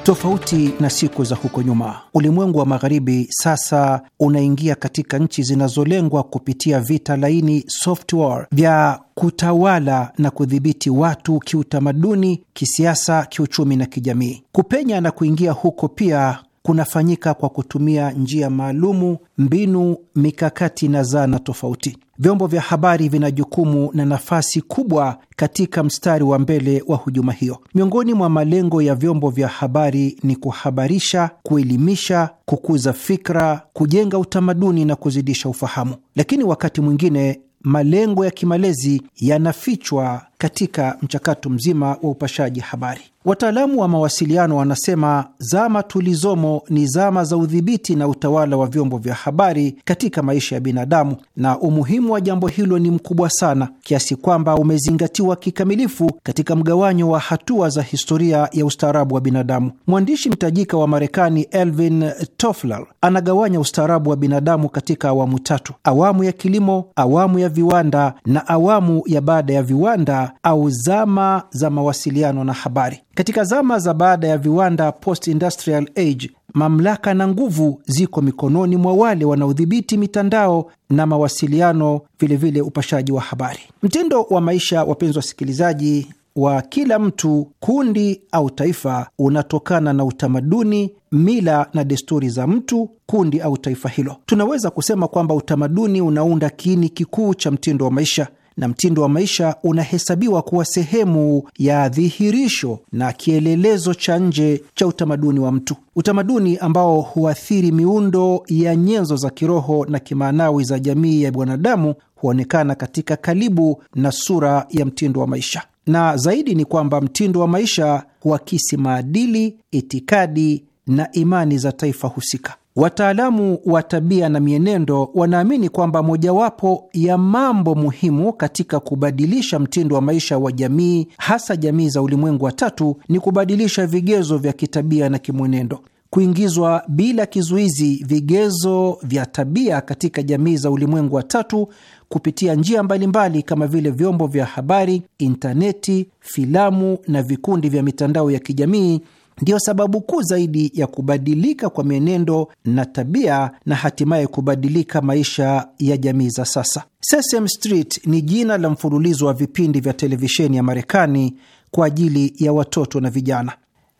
Tofauti na siku za huko nyuma, ulimwengu wa magharibi sasa unaingia katika nchi zinazolengwa kupitia vita laini software vya kutawala na kudhibiti watu kiutamaduni, kisiasa, kiuchumi na kijamii. Kupenya na kuingia huko pia kunafanyika kwa kutumia njia maalumu, mbinu, mikakati na zana tofauti. Vyombo vya habari vina jukumu na nafasi kubwa katika mstari wa mbele wa hujuma hiyo. Miongoni mwa malengo ya vyombo vya habari ni kuhabarisha, kuelimisha, kukuza fikra, kujenga utamaduni na kuzidisha ufahamu, lakini wakati mwingine malengo ya kimalezi yanafichwa katika mchakato mzima wa upashaji habari. Wataalamu wa mawasiliano wanasema zama tulizomo ni zama za udhibiti na utawala wa vyombo vya habari katika maisha ya binadamu, na umuhimu wa jambo hilo ni mkubwa sana kiasi kwamba umezingatiwa kikamilifu katika mgawanyo wa hatua za historia ya ustaarabu wa binadamu. Mwandishi mtajika wa Marekani Elvin Toffler anagawanya ustaarabu wa binadamu katika awamu tatu: awamu ya kilimo, awamu ya viwanda na awamu ya baada ya viwanda au zama za mawasiliano na habari. Katika zama za baada ya viwanda, post industrial age, mamlaka na nguvu ziko mikononi mwa wale wanaodhibiti mitandao na mawasiliano, vilevile vile upashaji wa habari. Mtindo wa maisha, wapenzi wasikilizaji, wa kila mtu, kundi au taifa unatokana na utamaduni, mila na desturi za mtu, kundi au taifa hilo. Tunaweza kusema kwamba utamaduni unaunda kiini kikuu cha mtindo wa maisha na mtindo wa maisha unahesabiwa kuwa sehemu ya dhihirisho na kielelezo cha nje cha utamaduni wa mtu, utamaduni ambao huathiri miundo ya nyenzo za kiroho na kimaanawi za jamii ya mwanadamu huonekana katika kalibu na sura ya mtindo wa maisha. Na zaidi ni kwamba mtindo wa maisha huakisi maadili, itikadi na imani za taifa husika. Wataalamu wa tabia na mienendo wanaamini kwamba mojawapo ya mambo muhimu katika kubadilisha mtindo wa maisha wa jamii, hasa jamii za ulimwengu wa tatu, ni kubadilisha vigezo vya kitabia na kimwenendo. Kuingizwa bila kizuizi vigezo vya tabia katika jamii za ulimwengu wa tatu kupitia njia mbalimbali mbali kama vile vyombo vya habari, intaneti, filamu na vikundi vya mitandao ya kijamii ndiyo sababu kuu zaidi ya kubadilika kwa mienendo na tabia na hatimaye kubadilika maisha ya jamii za sasa. Sesame Street ni jina la mfululizo wa vipindi vya televisheni ya Marekani kwa ajili ya watoto na vijana.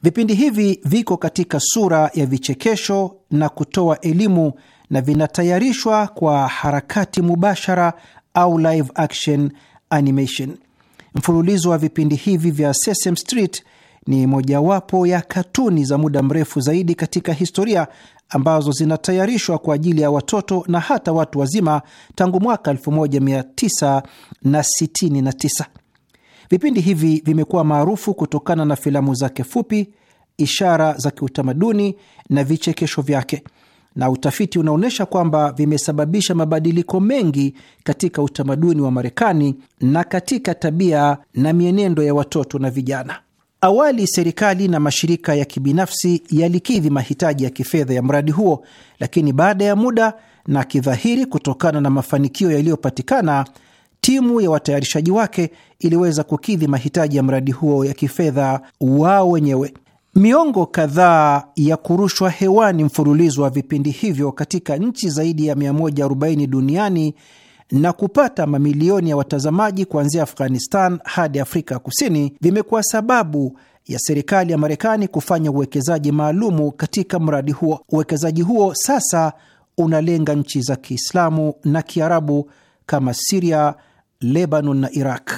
Vipindi hivi viko katika sura ya vichekesho na kutoa elimu na vinatayarishwa kwa harakati mubashara au live action animation. Mfululizo wa vipindi hivi vya Sesame Street ni mojawapo ya katuni za muda mrefu zaidi katika historia ambazo zinatayarishwa kwa ajili ya watoto na hata watu wazima tangu mwaka 1969. Vipindi hivi vimekuwa maarufu kutokana na filamu zake fupi, ishara za kiutamaduni na vichekesho vyake, na utafiti unaonyesha kwamba vimesababisha mabadiliko mengi katika utamaduni wa Marekani na katika tabia na mienendo ya watoto na vijana. Awali serikali na mashirika ya kibinafsi yalikidhi mahitaji ya kifedha ya mradi huo, lakini baada ya muda na kidhahiri, kutokana na mafanikio yaliyopatikana, timu ya watayarishaji wake iliweza kukidhi mahitaji ya mradi huo ya kifedha wao wenyewe. Miongo kadhaa ya kurushwa hewani mfululizo wa vipindi hivyo katika nchi zaidi ya 140 duniani na kupata mamilioni ya watazamaji kuanzia Afghanistan hadi Afrika Kusini vimekuwa sababu ya serikali ya Marekani kufanya uwekezaji maalumu katika mradi huo. Uwekezaji huo sasa unalenga nchi za Kiislamu na Kiarabu kama Siria, Lebanon na Iraq.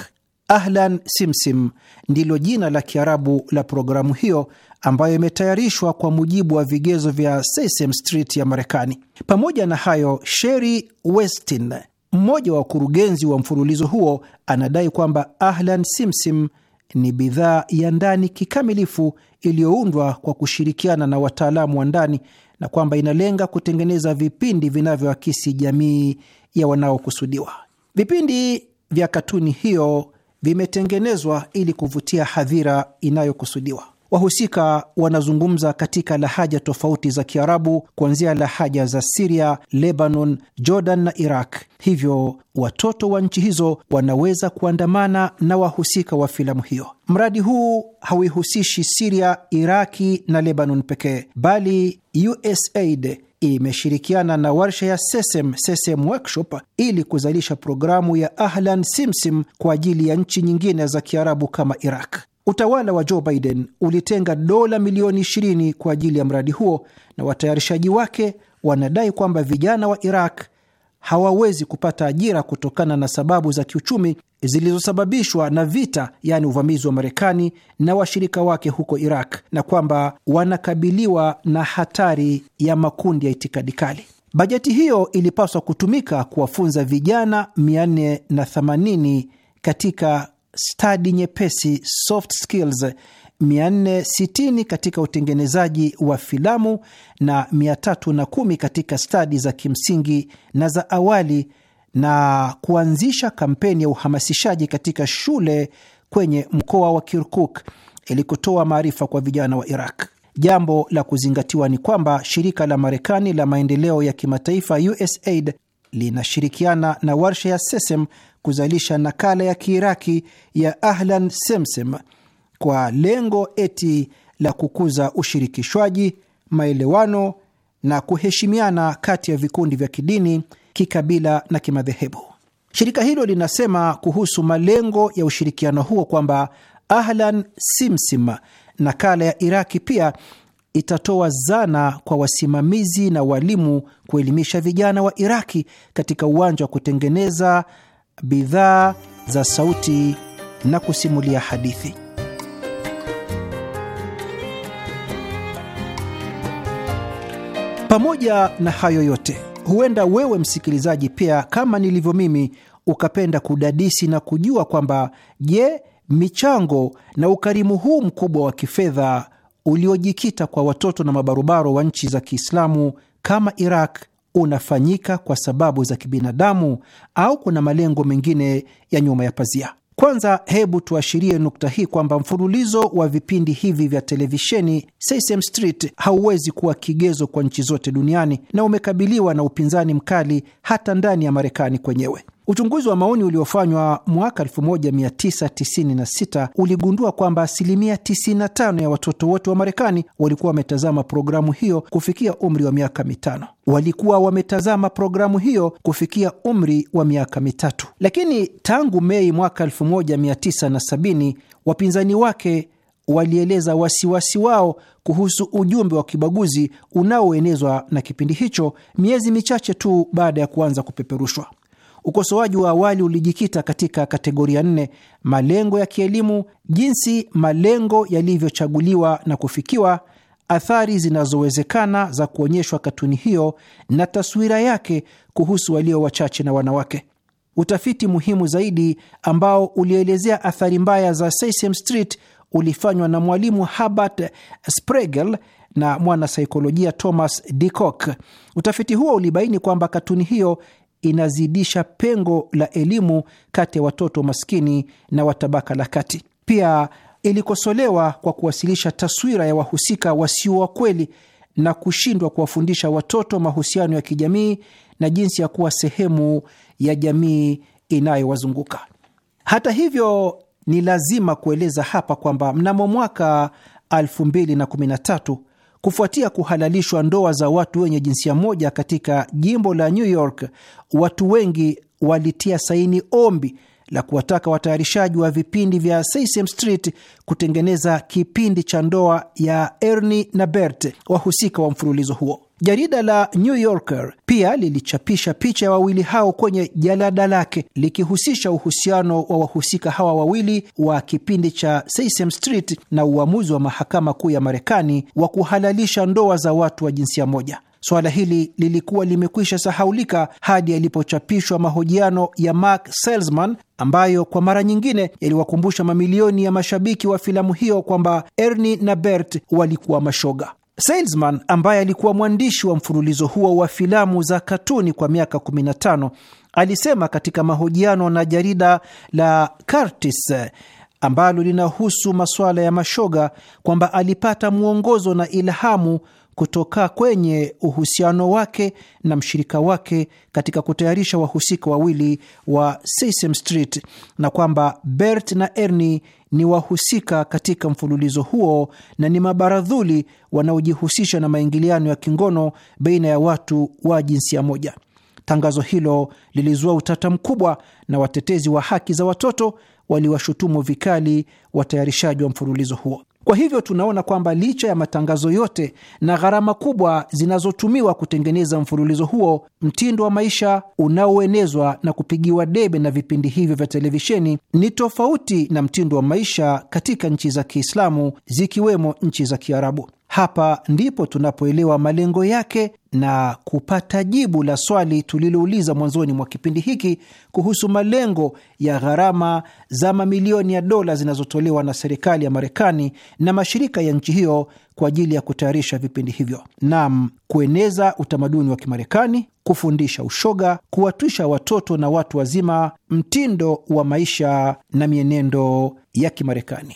Ahlan Simsim ndilo jina la Kiarabu la programu hiyo ambayo imetayarishwa kwa mujibu wa vigezo vya Sesame Street ya Marekani. Pamoja na hayo, Sheri Westin mmoja wa wakurugenzi wa mfululizo huo anadai kwamba Ahlan Simsim ni bidhaa ya ndani kikamilifu iliyoundwa kwa kushirikiana na wataalamu wa ndani na kwamba inalenga kutengeneza vipindi vinavyoakisi jamii ya wanaokusudiwa. Vipindi vya katuni hiyo vimetengenezwa ili kuvutia hadhira inayokusudiwa. Wahusika wanazungumza katika lahaja tofauti za Kiarabu, kuanzia lahaja za Siria, Lebanon, Jordan na Iraq. Hivyo watoto wa nchi hizo wanaweza kuandamana na wahusika wa filamu hiyo. Mradi huu hauihusishi Siria, Iraki na Lebanon pekee, bali USAID imeshirikiana na warsha ya Sesem, Sesem Workshop ili kuzalisha programu ya Ahlan Simsim kwa ajili ya nchi nyingine za Kiarabu kama Iraq. Utawala wa Joe Biden ulitenga dola milioni 20 kwa ajili ya mradi huo na watayarishaji wake wanadai kwamba vijana wa Iraq hawawezi kupata ajira kutokana na sababu za kiuchumi zilizosababishwa na vita, yaani uvamizi wa Marekani na washirika wake huko Iraq, na kwamba wanakabiliwa na hatari ya makundi ya itikadi kali. Bajeti hiyo ilipaswa kutumika kuwafunza vijana 480 katika stadi nyepesi soft skills 460 katika utengenezaji wa filamu na 310 katika stadi za kimsingi na za awali na kuanzisha kampeni ya uhamasishaji katika shule kwenye mkoa wa Kirkuk ili kutoa maarifa kwa vijana wa Iraq. Jambo la kuzingatiwa ni kwamba shirika la Marekani la maendeleo ya kimataifa USAID linashirikiana na warsha ya Sesem kuzalisha nakala ya Kiiraki ya Ahlan Semsem kwa lengo eti la kukuza ushirikishwaji, maelewano na kuheshimiana kati ya vikundi vya kidini, kikabila na kimadhehebu. Shirika hilo linasema kuhusu malengo ya ushirikiano huo kwamba Ahlan Simsim, nakala ya Iraki, pia itatoa zana kwa wasimamizi na walimu kuelimisha vijana wa Iraki katika uwanja wa kutengeneza bidhaa za sauti na kusimulia hadithi. Pamoja na hayo yote, huenda wewe msikilizaji pia, kama nilivyo mimi, ukapenda kudadisi na kujua kwamba je, michango na ukarimu huu mkubwa wa kifedha uliojikita kwa watoto na mabarobaro wa nchi za Kiislamu kama Iraq unafanyika kwa sababu za kibinadamu au kuna malengo mengine ya nyuma ya pazia? Kwanza, hebu tuashirie nukta hii kwamba mfululizo wa vipindi hivi vya televisheni Sesame Street hauwezi kuwa kigezo kwa nchi zote duniani na umekabiliwa na upinzani mkali hata ndani ya Marekani kwenyewe. Uchunguzi wa maoni uliofanywa mwaka 1996 uligundua kwamba asilimia 95 ya watoto wote wa Marekani walikuwa wametazama programu hiyo kufikia umri wa miaka mitano. Walikuwa wametazama programu hiyo kufikia umri wa miaka mitatu, lakini tangu Mei mwaka 1970 wapinzani wake walieleza wasiwasi wao kuhusu ujumbe wa kibaguzi unaoenezwa na kipindi hicho, miezi michache tu baada ya kuanza kupeperushwa. Ukosoaji wa awali ulijikita katika kategoria nne: malengo ya kielimu, jinsi malengo yalivyochaguliwa na kufikiwa, athari zinazowezekana za kuonyeshwa katuni hiyo na taswira yake kuhusu walio wachache na wanawake. Utafiti muhimu zaidi ambao ulielezea athari mbaya za Sesame Street ulifanywa na mwalimu Herbert Spregel na mwanasaikolojia Thomas D Utafiti huo ulibaini kwamba katuni hiyo inazidisha pengo la elimu kati ya watoto maskini na wa tabaka la kati. Pia ilikosolewa kwa kuwasilisha taswira ya wahusika wasio wa kweli na kushindwa kuwafundisha watoto mahusiano ya kijamii na jinsi ya kuwa sehemu ya jamii inayowazunguka. Hata hivyo, ni lazima kueleza hapa kwamba mnamo mwaka 2013 Kufuatia kuhalalishwa ndoa za watu wenye jinsia moja katika jimbo la New York, watu wengi walitia saini ombi la kuwataka watayarishaji wa vipindi vya Sesame Street kutengeneza kipindi cha ndoa ya Ernie na Bert, wahusika wa mfululizo huo. Jarida la New Yorker pia lilichapisha picha ya wawili hao kwenye jalada lake likihusisha uhusiano wa wahusika hawa wawili wa kipindi cha Sesame Street na uamuzi wa mahakama kuu ya Marekani wa kuhalalisha ndoa za watu wa jinsia moja. Suala hili lilikuwa limekwisha sahaulika hadi yalipochapishwa mahojiano ya Mark selsman ambayo kwa mara nyingine yaliwakumbusha mamilioni ya mashabiki wa filamu hiyo kwamba Ernie na Bert walikuwa mashoga. Salesman ambaye alikuwa mwandishi wa mfululizo huo wa filamu za katuni kwa miaka 15 alisema katika mahojiano na jarida la Curtis ambalo linahusu masuala ya mashoga kwamba alipata mwongozo na ilhamu kutoka kwenye uhusiano wake na mshirika wake katika kutayarisha wahusika wawili wa Sesame Street na kwamba Bert na Ernie ni wahusika katika mfululizo huo na ni mabaradhuli wanaojihusisha na maingiliano ya kingono baina ya watu wa jinsia moja. Tangazo hilo lilizua utata mkubwa na watetezi wa haki za watoto waliwashutumu vikali watayarishaji wa mfululizo huo. Kwa hivyo tunaona kwamba licha ya matangazo yote na gharama kubwa zinazotumiwa kutengeneza mfululizo huo, mtindo wa maisha unaoenezwa na kupigiwa debe na vipindi hivyo vya televisheni ni tofauti na mtindo wa maisha katika nchi za Kiislamu zikiwemo nchi za Kiarabu. Hapa ndipo tunapoelewa malengo yake na kupata jibu la swali tulilouliza mwanzoni mwa kipindi hiki kuhusu malengo ya gharama za mamilioni ya dola zinazotolewa na serikali ya Marekani na mashirika ya nchi hiyo kwa ajili ya kutayarisha vipindi hivyo. Naam, kueneza utamaduni wa Kimarekani, kufundisha ushoga, kuwatwisha watoto na watu wazima mtindo wa maisha na mienendo ya Kimarekani.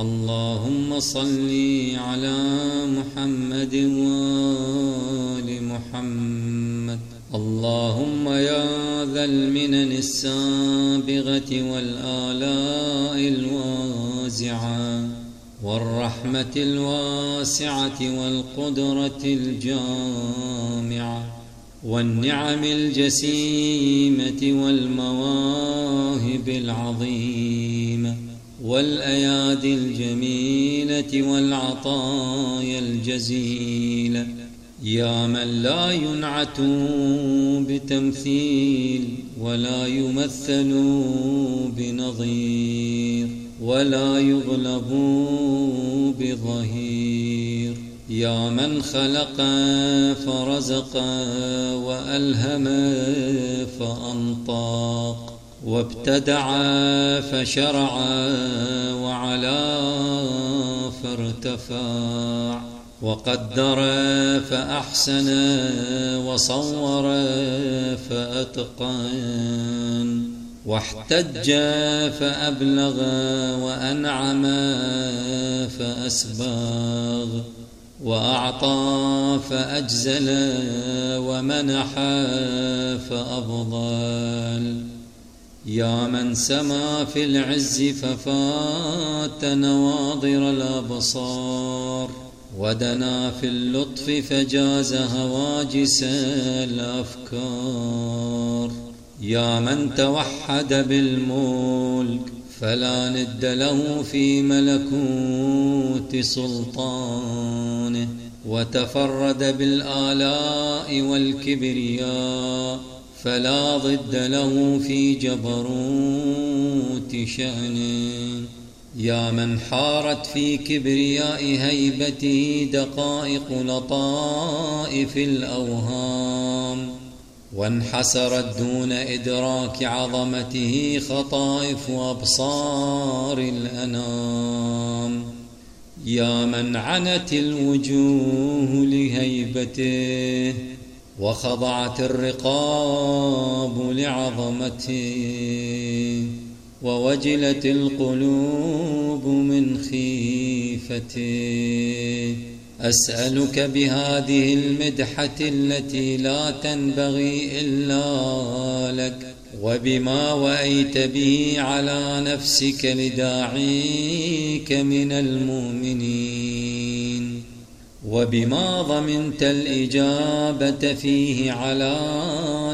اللهم صل على محمد وآل محمد اللهم يا ذا المنن السابغة والآلاء الوازعة والرحمة الواسعة والقدرة الجامعة والنعم الجسيمة والمواهب العظيمة والأيادي الجميلة والعطايا الجزيلة يا من لا ينعت بتمثيل ولا يمثل بنظير ولا يغلب بظهير يا من خلق فرزق وألهم فأنطاق وابتدعا فشرعا وعلا فارتفع وقدر فأحسن وصور فأتقن واحتج فأبلغ وأنعم فأسباغ وأعطى فأجزل ومنح فأفضل يا من سما في العز ففات نواظر الأبصار ودنا في اللطف فجاز هواجس الأفكار يا من توحد بالملك فلا ند له في ملكوت سلطانه وتفرد بالآلاء والكبرياء فلا ضد له في جبروت شأنه يا من حارت في كبرياء هيبته دقائق لطائف الأوهام وانحسرت دون إدراك عظمته خطائف أبصار الأنام يا من عنت الوجوه لهيبته وخضعت الرقاب لعظمته ووجلت القلوب من خيفته أسألك بهذه المدحة التي لا تنبغي إلا لك وبما وأيت به على نفسك لداعيك من المؤمنين وبما ضمنت الإجابة فيه على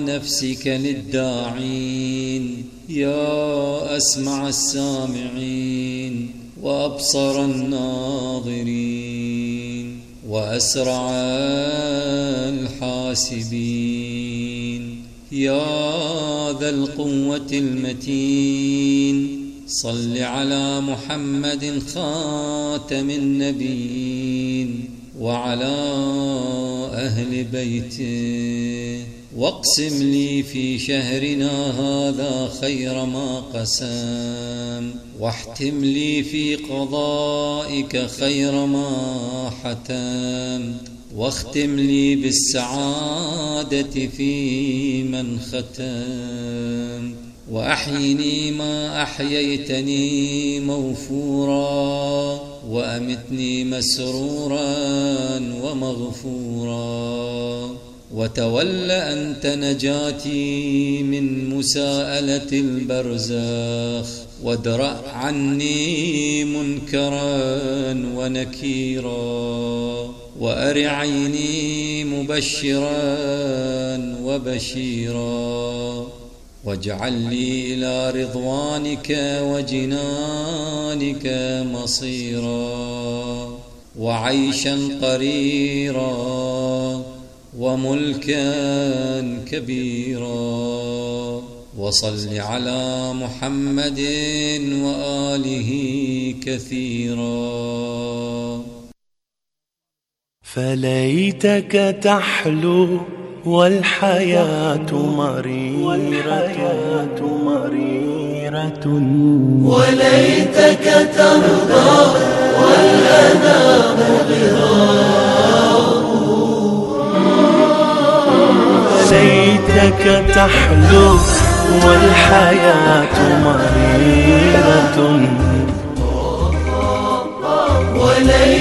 نفسك للداعين يا أسمع السامعين وأبصر الناظرين وأسرع الحاسبين يا ذا القوة المتين صل على محمد خاتم النبيين وعلى أهل بيته واقسم لي في شهرنا هذا خير ما قسم واحتم لي في قضائك خير ما حتم واختم لي بالسعادة في من ختم وأحيني ما أحييتني موفوراً وأمتني مسرورا ومغفورا وتول أنت نجاتي من مساءلة البرزخ وادرأ عني منكرا ونكيرا وأر عيني مبشرا وبشيرا واجعل لي إلى رضوانك وجنانك مصيرا وعيشا قريرا وملكا كبيرا وصل على محمد وآله كثيرا فليتك تحلو والحياة مريرة مريرة وليتك ترضى والأنام غرار سيتك تحلو والحياة مريرة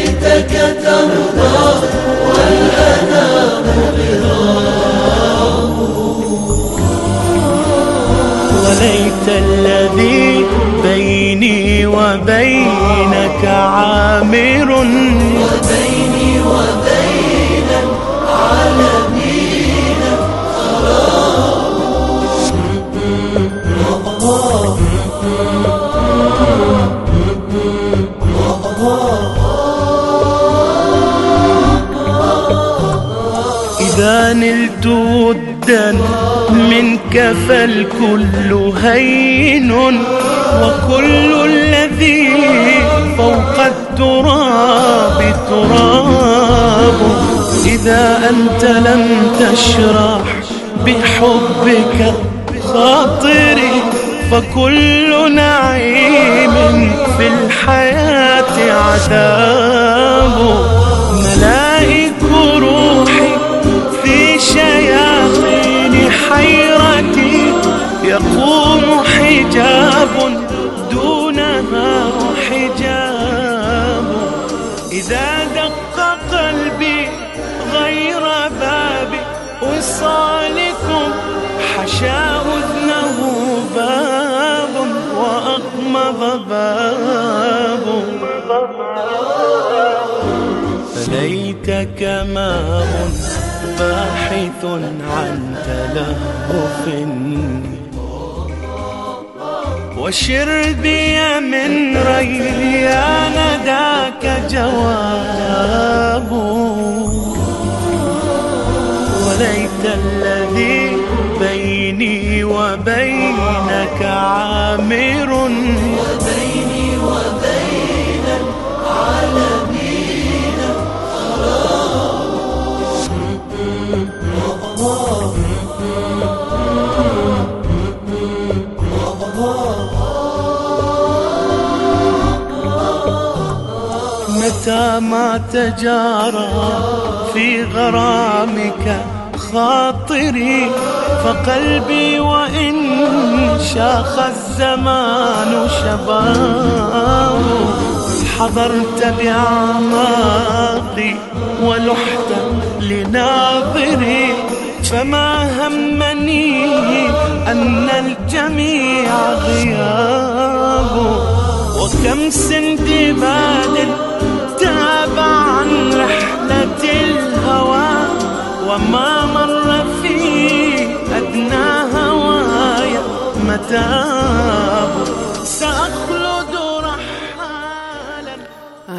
ليتك ترضى والأنام غضاه وليت الذي بيني وبينك عامر وبين وكان من منك فالكل هين وكل الذي فوق التراب تراب إذا أنت لم تشرح بحبك خاطري فكل نعيم في الحياة عذاب يقوم حجاب دونها حجاب إذا دق قلبي غير بابي وصالكم حشا أذنه باب وأقمض باب فليتك ماء باحث عن تلهف وشر بي من ريلي أنا ذاك جواب وليت الذي بيني وبينك عامر ما تجارى في غرامك خاطري فقلبي وإن شاخ الزمان شباب حضرت بأعماقي ولحت لناظري فما همني أن الجميع غياب وكم سندباد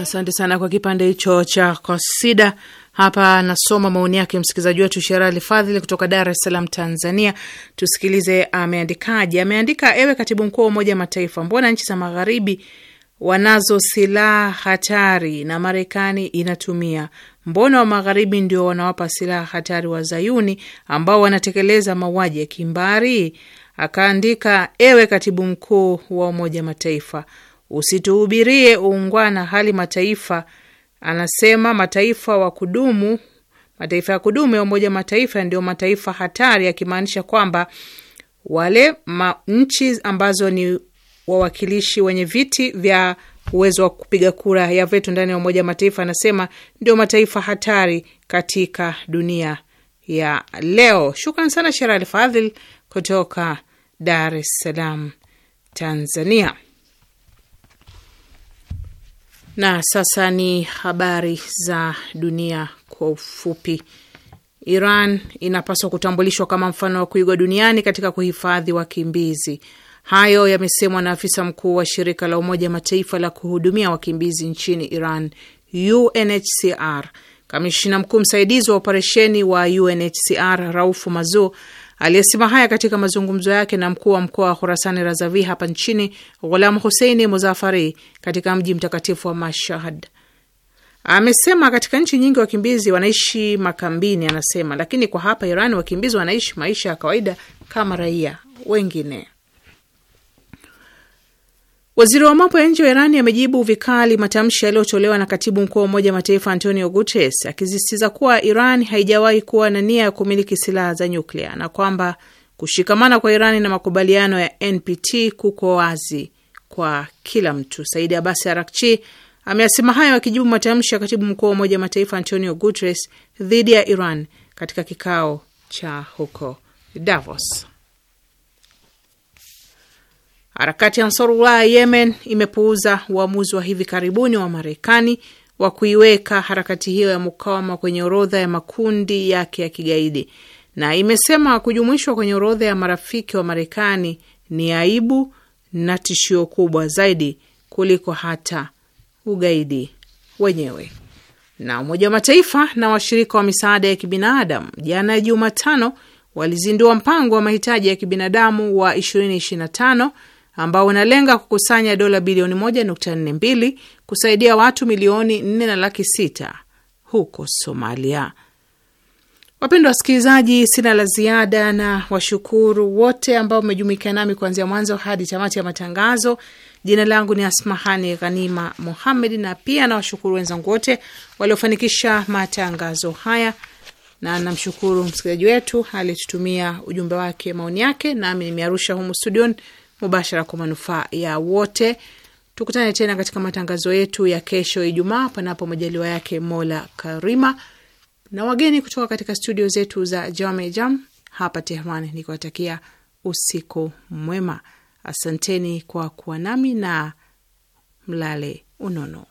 Asante sana kwa kipande hicho cha kasida. Hapa nasoma maoni yake msikilizaji wetu Sherali Fadhili kutoka Dar es Salaam, Tanzania. Tusikilize ameandikaje. Ameandika, ewe katibu mkuu wa Umoja Mataifa, mbona nchi za magharibi wanazo silaha hatari na Marekani inatumia? Mbona wa magharibi ndio wanawapa silaha hatari wazayuni ambao wanatekeleza mauaji ya kimbari? Akaandika, ewe katibu mkuu wa Umoja Mataifa, usituhubirie uungwana hali mataifa anasema mataifa wa kudumu mataifa ya kudumu ya Umoja Mataifa ndio mataifa hatari, akimaanisha kwamba wale nchi ambazo ni wawakilishi wenye viti vya uwezo wa kupiga kura ya vetu ndani ya Umoja Mataifa anasema ndio mataifa hatari katika dunia ya leo. Shukran sana Sherali Fadhil kutoka Dar es Salaam, Tanzania. Na sasa ni habari za dunia kwa ufupi. Iran inapaswa kutambulishwa kama mfano wa kuigwa duniani katika kuhifadhi wakimbizi. Hayo yamesemwa na afisa mkuu wa shirika la Umoja Mataifa la kuhudumia wakimbizi nchini Iran, UNHCR. Kamishina mkuu msaidizi wa operesheni wa UNHCR Raufu Mazou Aliyesema haya katika mazungumzo yake na mkuu wa mkoa wa Khurasani Razavi hapa nchini Ghulam Huseini Muzafari katika mji mtakatifu wa mashahad Amesema katika nchi nyingi wakimbizi wanaishi makambini, anasema, lakini kwa hapa Iran wakimbizi wanaishi maisha ya kawaida kama raia wengine. Waziri wa mambo ya nje wa Irani amejibu vikali matamshi yaliyotolewa na katibu mkuu wa Umoja Mataifa Antonio Guterres akisisitiza kuwa Iran haijawahi kuwa na nia ya kumiliki silaha za nyuklia na kwamba kushikamana kwa Irani na makubaliano ya NPT kuko wazi kwa kila mtu. Saidi Abasi Arakchi ameyasema hayo akijibu matamshi ya katibu mkuu wa Umoja Mataifa Antonio Guterres dhidi ya Iran katika kikao cha huko Davos. Harakati ya Ansarullah Yemen imepuuza uamuzi wa hivi karibuni wa Marekani wa kuiweka harakati hiyo ya mukawama kwenye orodha ya makundi yake ya kigaidi na imesema kujumuishwa kwenye orodha ya marafiki wa Marekani ni aibu na tishio kubwa zaidi kuliko hata ugaidi wenyewe. Na Umoja wa Mataifa na washirika wa misaada ya kibinadamu jana Jumatano walizindua mpango wa mahitaji ya kibinadamu wa 2025 ambao unalenga kukusanya dola bilioni 1.42 kusaidia watu milioni 4 na laki 6 huko Somalia. Wapendwa wasikilizaji, sina la ziada na washukuru wote ambao mmejumuika nami kuanzia mwanzo hadi tamati ya matangazo. Jina langu ni Asmahani Ghanima Muhammed, na pia nawashukuru wenzangu wote waliofanikisha matangazo haya, na namshukuru msikilizaji wetu aliyetutumia ujumbe wake, maoni yake, nami nimearusha humu studioni mubashara kwa manufaa ya wote. Tukutane tena katika matangazo yetu ya kesho Ijumaa, panapo majaliwa yake Mola Karima, na wageni kutoka katika studio zetu za Jame Jam hapa Tehran, nikiwatakia usiku mwema. Asanteni kwa kuwa nami na mlale unono.